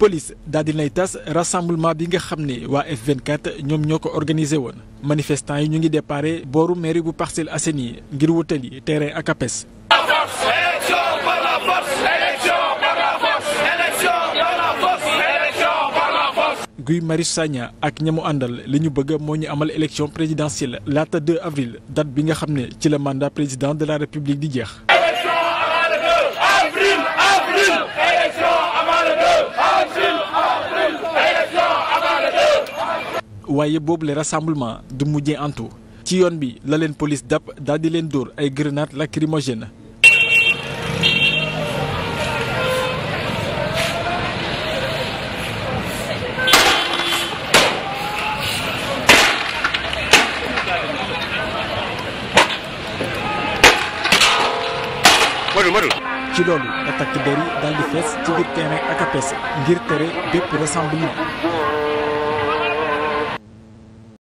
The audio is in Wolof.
police daal di nay tas rassemblement bi nga xam ne waa F24 ñoom ñoo ko organisé woon manifestant yi ñu ngi déparé booru mairie bu Parcelles Assainies yi ngir wutali terrain ak APES. Guy Marius Sagna ak ñamu àndal li ñu bëgg moo ñu amal élection présidentielle laata 2 avril dat bi nga xam ne ci la mandat président de la république di jeex. waaye boobu le rassemblement du mujjee antu ci yoon bi la leen police dab daal di leen dóor ay grenades lacrymogènes ci loolu la takk der yi di fees ci biir terrain ak APS ngir tere bépp rassemblement